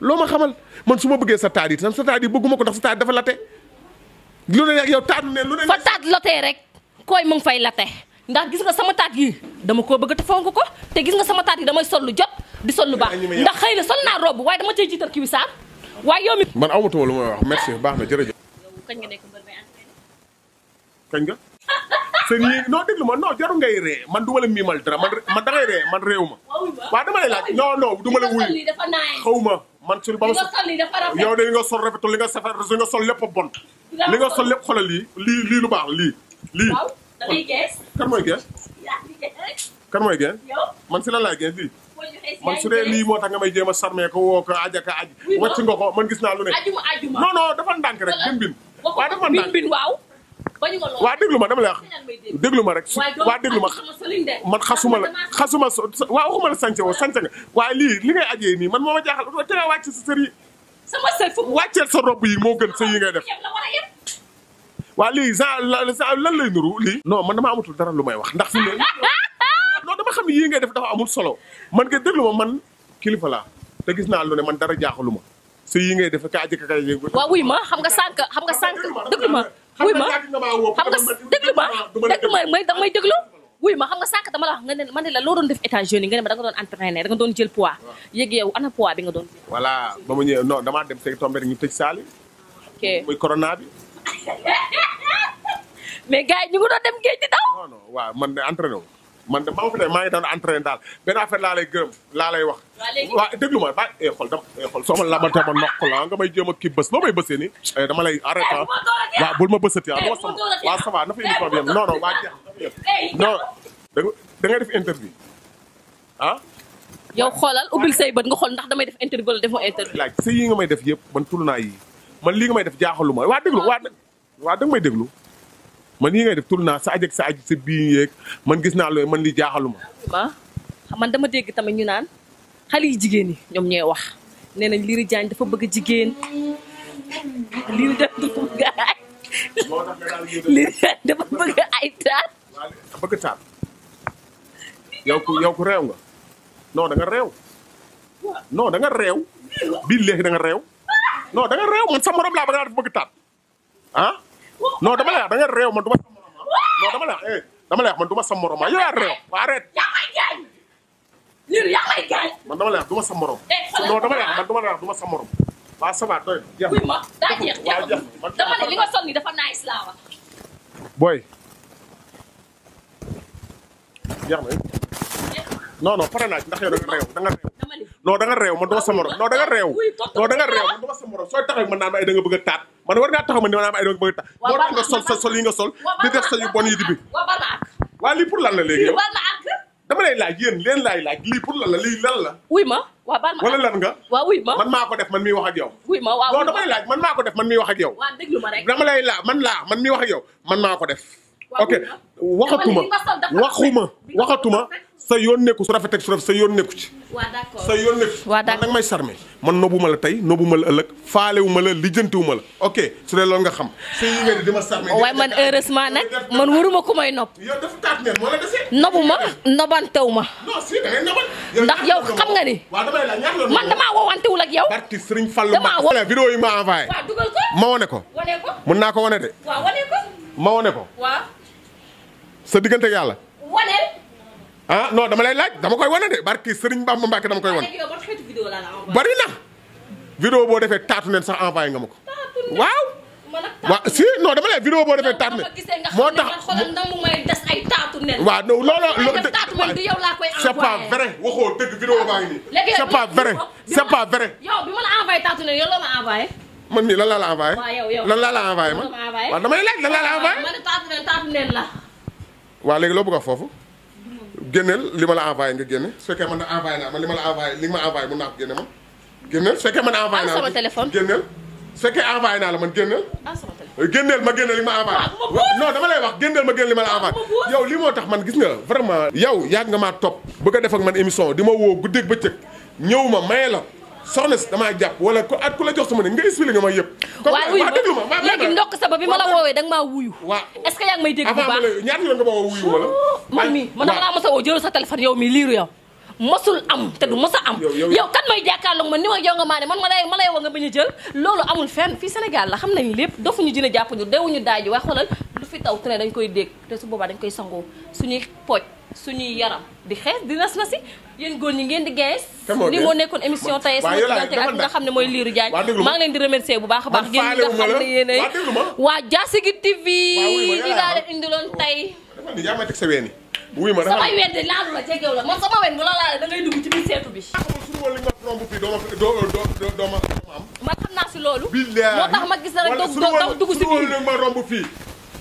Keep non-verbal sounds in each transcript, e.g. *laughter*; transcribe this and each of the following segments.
loo ma xamal man su ma bëggee sa taat yi tam sa taat yi bëgguma ko ndax sa taat dafa late lu ne yow taat ne lu ne fa taat lotee rek koy mu ngi fay late ndax gis nga sama taat yi dama koo bëgg te fonk ko te gis nga sama taat yi damay sol lu jot di sol lu baax ndax xëy na sol naa robb waaye dama cay jiital kii bi saar waaye yow mi man awma tuma lu may wax merci baax na jërëjëf kañ nga nekk kañ nga *laughs* te nii non déglu ma non jarul ngay ree man du ma la miimal dara man dangay ree man réew ma. waaw dama laaj non non du la wuyu xaw man su ba li nga sol rafetul li nga safar li lépp bon. li lii lii lii lu baax lii. lii man si lan laay lii. man su dee lii moo tax nga may jéem a sarmee ko woo ko aja ka aj wàcc nga man gis naa lu ne. non dafa ndànk rek bin bin. waaw dafa ndànk bin waa déglu ma dama lay wax ma rek waa déglu ma man xasuma la xasuma waa waxuma la sànce woo sànce nga waaye lii li ngay ajee nii man moo ma jaaxal te nga wàcc sa sër yi wàcceel sa robb yi moo gën sa yi ngay def waa lii sa lan lay nuru lii non man dama amatul dara lu may wax ndax fi ne *laughs* non dama xam yii ngay def dafa amul solo man nga déglu man kilifa laa te gis naa lu ne man dara jaaxalu ma sa yii ngay def ka ajëkka kay waaw wuy ma xam nga sànq xam nga sànq wuy ma xam nga déglu ma may may déglu wuy ma xam nga sànq dama la wax nga ne man ne la loo doon def états unis nga ne ma da nga doon entraîner da nga doon jël poids yëg yow ana poids bi nga doon jël ba ma ñëwee non damaa dem tey tombé rek ñu tëj saali *laughs* mais gars yi ñu ngi doon dem géej di daw non non waaw man entraîné wu man dama main ne maa ngi doon entraîné daal benn affaire la lay geum la lay wax. wa déglu ma ba e eh, xol dama e eh, xol soo la labante ma nokk la nga may jema ki beus no may beuse ni eh dama lay arrêté eh, ah. wa waaw bul ma bësati wa sama wa sama na fa indi problème non non wa jeex non da nga def interview ah. yow xolal ubil say beut nga xol ndax damay def interview defo interview. Like, sey yi nga may def yeb man tuluna yi man li nga may def jaaxalu wa deglu wa wa waa may deglu man yi ngay def tourna sa ajak sa aj sa biñ yek man gis na looy man li jaxaluma ba man dama deg tamit ñu naan xali yi ni ñom ñoom wax nee liri liiri dafa bëgg jigéen liri def du bëgg gaay liri dafa bëgg ay taat bëgg taat yow ko yow ko rew nga no da nga rew no da nga rew bi da nga rew no da nga rew man sa morom la bëgg def bëgg taat ah non dama lay wax da nga réew man du ma sa morom ah. non dama lay wax eh dama lay wax man du ma sa morom ah. yow yaa réew waa arrête. yaa may gaañ. man dama lay wax du ma sa morom. Eh, non dama lay wax man dama lay wax du ma sa morom. waaw ça va doy na. buy ma daa jeex jeex dama ne li nga sonn nii dafa naaj si laa wax. booy. jeex na non non pare naa ndax yow da nga réew da nga réew. non da nga réew man du ma sa morom non da nga réew. non da nga réew man du ma sa morom sooy tax ak man naan ay eh, da nga bëgg a taat. man war ngaa taxaw ma ne maanaam ay doon bëgg tax. waaw war nga sol sa sol yi la léegi yow dama lay laaj laaj lii pour la lii lan la. wuy ma waaw baal ma wala lan nga. waaw wuy ma man maa ko def man miy wax ak yow. ma waaw non dama man maa ko def man miy wax ak yow. waaw déglu ma dama lay laaj man laa man miy wax ak yow man maa ko def. ok waxatuma waxuma waxatuma sa yoon nekku su rafet su rafet sa yoon nekku ci. waaw d'accord sa yoon nekku ci. waaw d'accord nag may man noobuma la tey noobuma la ëllëg faalewuma la lijjantiwuma la ok su dee loolu nga xam. waaye man man waruma ku may nopp. yow dafa taat ne moo la damaa woowantewul ak yow. ma envoyé. waaw dugal ko ma wane ko. wane naa ko wane de. waaw ma wane ko. sa diggante yàlla. ah non dama lay laaj dama koy wane de barki Serigne Bamba Mbacke dama koy wane. Ah, bari na. vidéo boo defee taatu neen sax envoyé nga ma ko. waaw. waaw si non dama lay vidéo boo defee taatu neen. moo tax waaw looloo loolu c'est pas vrai waxoo dëgg vidéo baa ngi nii. Ah, c'est pas vrai c'est pas vrai. yow bi ma la envoyé taatu neen yow loo ma envoyé. man mii lan laa la envoyé. lan laa la envoyé man. waaw damay laaj lan laa la envoyé. Ah, waaw léegi loo bëgg a foofu génneel li ma la envoyé nga génne su fekkee man na envoyé naa ma li ma la envoyé li nga ma envoyé mun naa ko génne man génneel su fekkee man envoyé ah, naa sama téléphone génneel su fekkee la man génneel ah, génneel ma génneel li ma envoyé ah, non dama lay wax génneel ma génneel li ma yow li moo tax man gis nga vraiment yow yàgg nga maa topp bëgg a def ak man émission di ma woo guddeeg bëccëg ñëw ma maye la soxna si damaa jàpp wala ko ku la jox sama ne nga expliqué nga ma yëpp. waaw wuyu ma déglu ma waaw sa ba bi ma la woowee da nga maa wuyu. waaw est-ce que yaa ngi may dégg bu baax avant ma ñaata ma woo ma la. sa yow mi liiru yow. mosul am te du a am yow kan may jàkkaarloog ma yow nga maa ne man ma lay ma lay nga bañ a jël loolu amul fenn fii Sénégal la xam nañ lépp dofuñu dina jàpp ñu deewuñu daaju wax xoolal du fi taw tane dañ koy dégg te su boobaa dañ koy sango suñuy poj suñuy yaram di xees di nas na si yéen góor ñi ngeen di gees kan ni moo nekkoon émission tey sama diggante ak nga xam ne mooy liiru jaañ maa ngi leen di remercier bu baax a baax ngeen ñi nga xam ne yéenay waa jaasigi tv li laa leen indiloon tey yaa teg sa weeni wuy ma samay wen de laalu la jegew la man sama wen bu la laalee da ngay dugg ci biir seetu bi ah, man xam naa si loolu moo tax ma gis na rek dog dog dugg si biir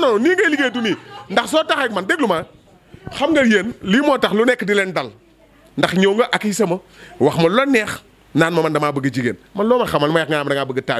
non non nii ngay liggéey du nii ndax soo taxee ak man déglu ma xam nga yéen lii moo tax lu nekk di leen dal ndax ñëw nga ak i sama wax ma lu neex naan ma man damaa bëgg jigéen man loo ma xamal ma yàq nga am da ngaa bëgg taaj